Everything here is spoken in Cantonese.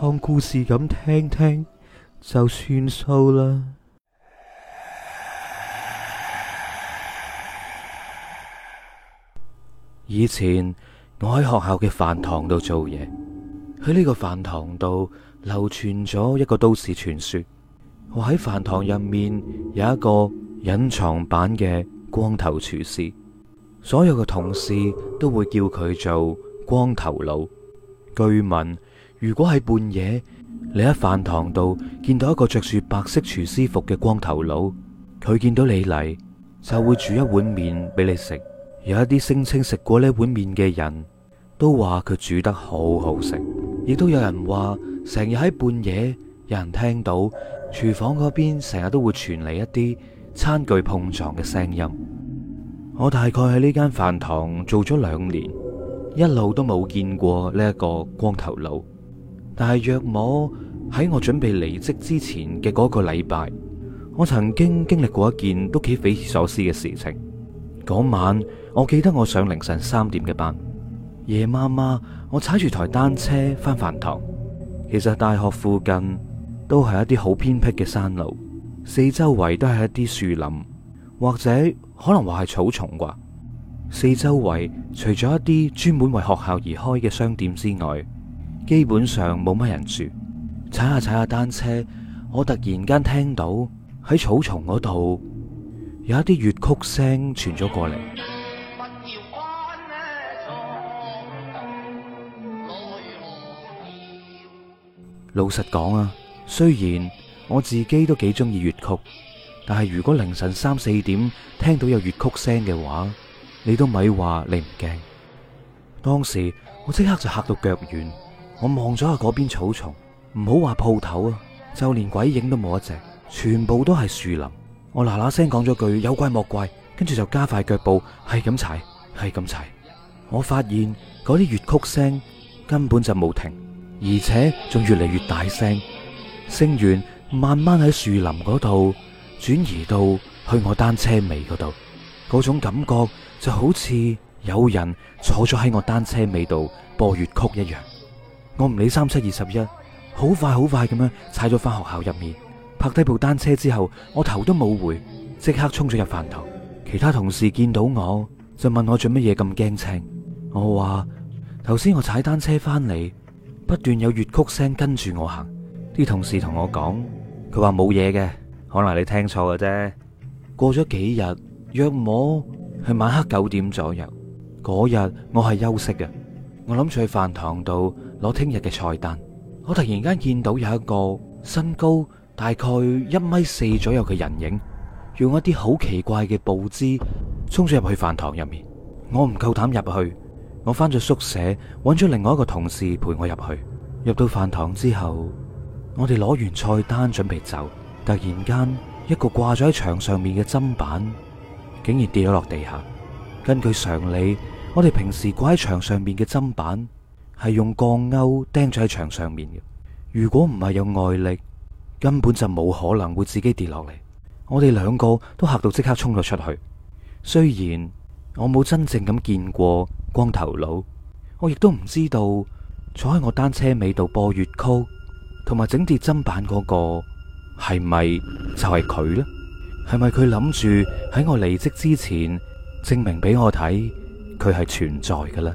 當故事咁聽聽就算數啦。以前我喺學校嘅飯堂度做嘢，喺呢個飯堂度流傳咗一個都市傳說，話喺飯堂入面有一個隱藏版嘅光頭廚師，所有嘅同事都會叫佢做光頭佬。據聞，如果喺半夜，你喺飯堂度見到一個着住白色廚師服嘅光頭佬，佢見到你嚟，就會煮一碗麵俾你食。有一啲聲稱食過呢碗麵嘅人都話佢煮得好好食，亦都有人話成日喺半夜有人聽到廚房嗰邊成日都會傳嚟一啲餐具碰撞嘅聲音。我大概喺呢間飯堂做咗兩年，一路都冇見過呢一個光頭佬。但係，約我喺我準備離職之前嘅嗰個禮拜，我曾經經歷過一件都幾匪夷所思嘅事情。嗰晚，我記得我上凌晨三點嘅班，夜媽媽，我踩住台單車翻飯堂。其實大學附近都係一啲好偏僻嘅山路，四周圍都係一啲樹林或者可能話係草叢啩。四周圍除咗一啲專門為學校而開嘅商店之外。基本上冇乜人住，踩下踩下單車，我突然間聽到喺草叢嗰度有一啲粵曲聲傳咗過嚟。 老實講啊，雖然我自己都幾中意粵曲，但係如果凌晨三四點聽到有粵曲聲嘅話，你都咪話你唔驚。當時我即刻就吓到腳軟。我望咗下嗰邊草叢，唔好話鋪頭啊，就連鬼影都冇一隻，全部都係樹林。我嗱嗱聲講咗句有怪莫怪，跟住就加快腳步，係咁踩，係咁踩。我發現嗰啲粵曲聲根本就冇停，而且仲越嚟越大聲，聲源慢慢喺樹林嗰度轉移到去我單車尾嗰度，嗰種感覺就好似有人坐咗喺我單車尾度播粵曲一樣。我唔理三七二十一，好快好快咁樣踩咗翻學校入面，拍低部單車之後，我頭都冇回，即刻衝咗入飯堂。其他同事見到我就問我做乜嘢咁驚青，我話頭先我踩單車翻嚟，不斷有粵曲聲跟住我行。啲同事同我講，佢話冇嘢嘅，可能你聽錯嘅啫。過咗幾日，約我係晚黑九點左右嗰日，我係休息嘅，我諗住去飯堂度。攞聽日嘅菜單，我突然間見到有一個身高大概一米四左右嘅人影，用一啲好奇怪嘅步姿衝咗入去飯堂入面。我唔夠膽入去，我返咗宿舍，搵咗另外一個同事陪我入去。入到飯堂之後，我哋攞完菜單準備走，突然間一個掛咗喺牆上面嘅砧板，竟然跌咗落地下。根據常理，我哋平時掛喺牆上面嘅砧板。係用鋼鈎釘咗喺牆上面嘅。如果唔係有外力，根本就冇可能會自己跌落嚟。我哋兩個都嚇到，即刻衝咗出去。雖然我冇真正咁見過光頭佬，我亦都唔知道坐喺我單車尾度播粵曲同埋整跌砧板嗰個係咪就係佢呢？係咪佢諗住喺我離職之前證明俾我睇佢係存在嘅呢？